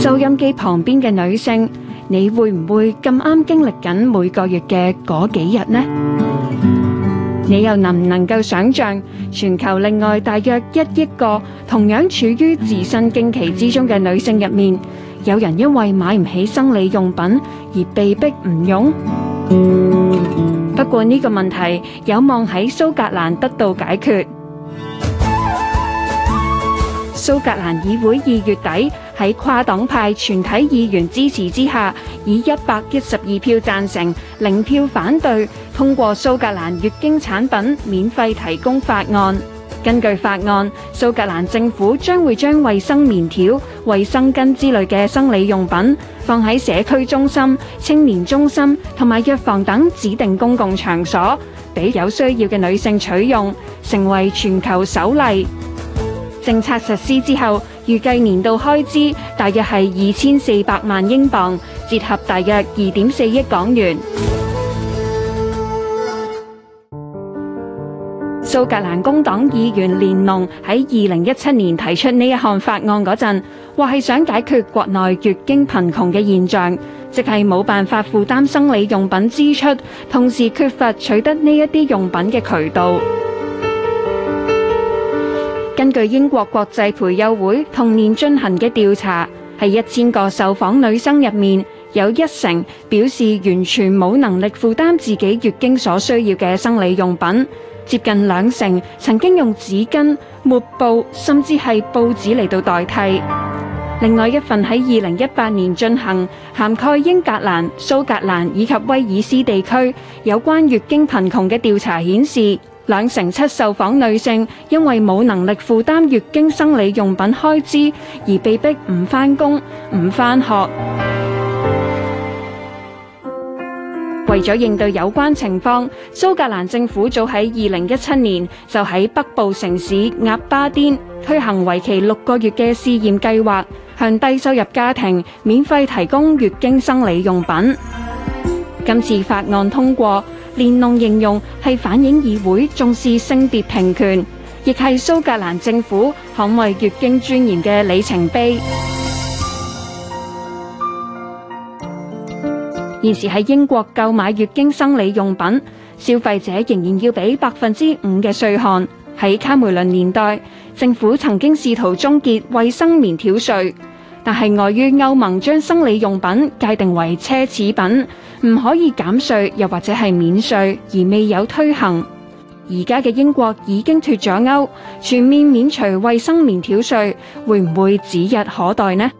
收音機旁邊嘅女性，你會唔會咁啱經歷緊每個月嘅嗰幾日呢？你又能唔能夠想象全球另外大約一億個同樣處於自身經期之中嘅女性入面，有人因為買唔起生理用品而被逼唔用？不過呢個問題有望喺蘇格蘭得到解決。蘇格蘭議會二月底喺跨黨派全體議員支持之下，以一百一十二票贊成、零票反對通過蘇格蘭月經產品免費提供法案。根據法案，蘇格蘭政府將會將衛生棉條、衛生巾之類嘅生理用品放喺社區中心、青年中心同埋藥房等指定公共場所，俾有需要嘅女性取用，成為全球首例。政策實施之後，預計年度開支大約係二千四百萬英鎊，折合大約二點四億港元。蘇 格蘭工黨議員連儂喺二零一七年提出呢一項法案嗰陣，話係想解決國內月經貧窮嘅現象，即係冇辦法負擔生理用品支出，同時缺乏取得呢一啲用品嘅渠道。根據英國國際培幼會同年進行嘅調查，喺一千個受訪女生入面，有一成表示完全冇能力負擔自己月經所需要嘅生理用品，接近兩成曾經用紙巾、抹布甚至係報紙嚟到代替。另外一份喺二零一八年進行、涵蓋英格蘭、蘇格蘭以及威爾斯地區有關月經貧窮嘅調查顯示，兩成七受訪女性因為冇能力負擔月經生理用品開支，而被逼唔返工、唔返學。為咗應對有關情況，蘇格蘭政府早喺二零一七年就喺北部城市鴨巴甸推行為期六個月嘅試驗計劃，向低收入家庭免費提供月經生理用品。今次法案通過。連儂形容係反映議會重視性別平權，亦係蘇格蘭政府捍衛月經尊嚴嘅里程碑。現時喺英國購買月經生理用品，消費者仍然要俾百分之五嘅稅項。喺卡梅倫年代，政府曾經試圖終結衛生棉條稅，但係礙於歐盟將生理用品界定為奢侈品。唔可以減稅，又或者係免稅，而未有推行。而家嘅英國已經脱咗歐，全面免除衛生棉條稅，會唔會指日可待呢？